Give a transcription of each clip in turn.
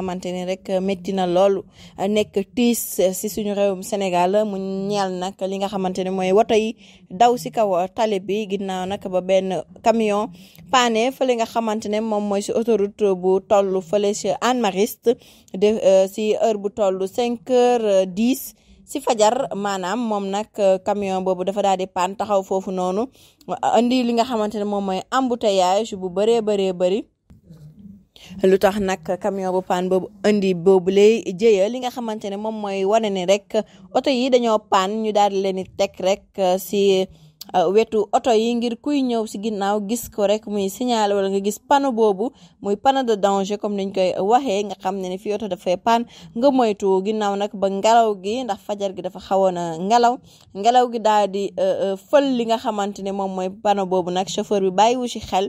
xamante ne rek métti na loolu nekk tiis si suñu réewum Sénégal mu ñeel nag li nga xamante ne mooy woto yi daw si kaw tali bi ginnaaw nag ba benn camion paane fële nga xamante ne moom mooy si autoroute bu toll fële si Hann Mariste de euh, si heure bu toll cinq heures dix si fajar maanaam moom nag camion boobu dafa daal di taxaw foofu noonu andi li nga xamante ne moom mooy embouteillage bu bëree bëree lu tax nag camion bu paan boobu indi boobu lay jëya li nga xamante ne moom mooy wane ne rek oto yi dañoo paan ñu daal di leen di teg rek euh, si. wetu uh, oto yi ngir kuy ñëw si ginnaaw gis ko rek muy signal wala nga gis panneau boobu muy panneau de danger comme niñ koy waxee nga xam ne ni fii oto dafay pan nga moytu ginnaaw nag ba ngelaw gi ndax fajar gi dafa xawoon a ngelaw ngelaw gi daal di uh, uh, fël li nga xamante ne moom mooy panneau boobu nag chauffeur bi bàyyiwu si xel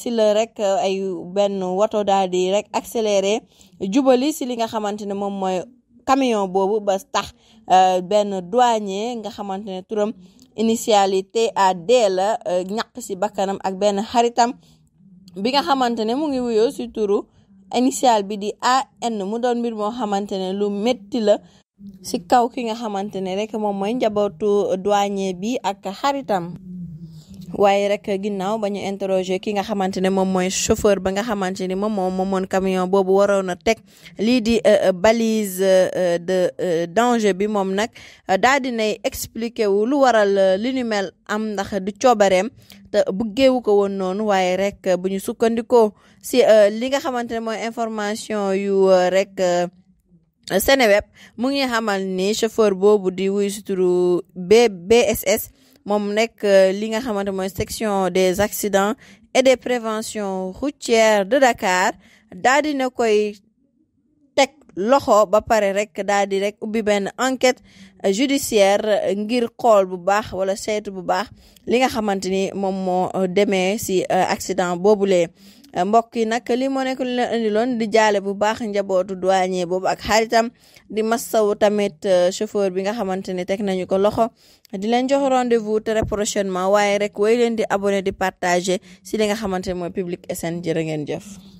si la rek ay benn woto daal di rek accélérer jubali si li nga xamante ne moom mooy camion boobu ba tax benn douanier nga xamante ne turam initialité à deela euh, ñàq ci bakkanam ak benn xaritam bi nga xamante ne mu ngi wuyoo ci turu initial bi di AN mu doon mbir moo xamante ne lu metti la ci kaw ki nga xamante ne rek moom mooy njabootu douanier bi ak xaritam waaye rek ginnaaw ba ñu interroger ki nga xamante ne moom chauffeur ba nga xamante ni moom moo moomoon camion boobu waroon a teg di euh, euh, balise euh, de danger bi moom nag daal luaral nay expliqué wu lu waral li mel am ndax du te ko woon rek bu ñu si li nga xamante information yu rek Seneweb mu ngi xamal ni chauffeur boobu di wuy suturu BSS mon nek euh, li nga section des accidents et des préventions routières de Dakar dal loxo ba pare rek daal di rek ubbi benn enquête judiciaire ngir xool bu baax wala seetu bu baax li nga xamante ni moom moo demee si euh, accident boobulee mbokk yi nag li moo nekk lu leen indi loon di jaale bu baax njabootu douanier boobu ak xaritam di massaw tamit euh, chauffeur bi nga xamante ni teg nañu ko loxo di leen jox rendez vous très prochainement waaye rek way leen di abonné di partager si li nga xamante ni mooy public sn jërë ngeen jëf